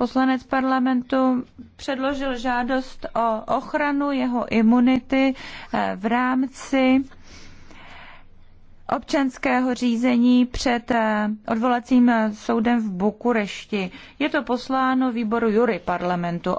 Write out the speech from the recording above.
poslanec parlamentu předložil žádost o ochranu jeho imunity eh, v rámci občanského řízení před eh, odvolacím soudem v Bukurešti. Je to posláno výboru Jury parlamentu.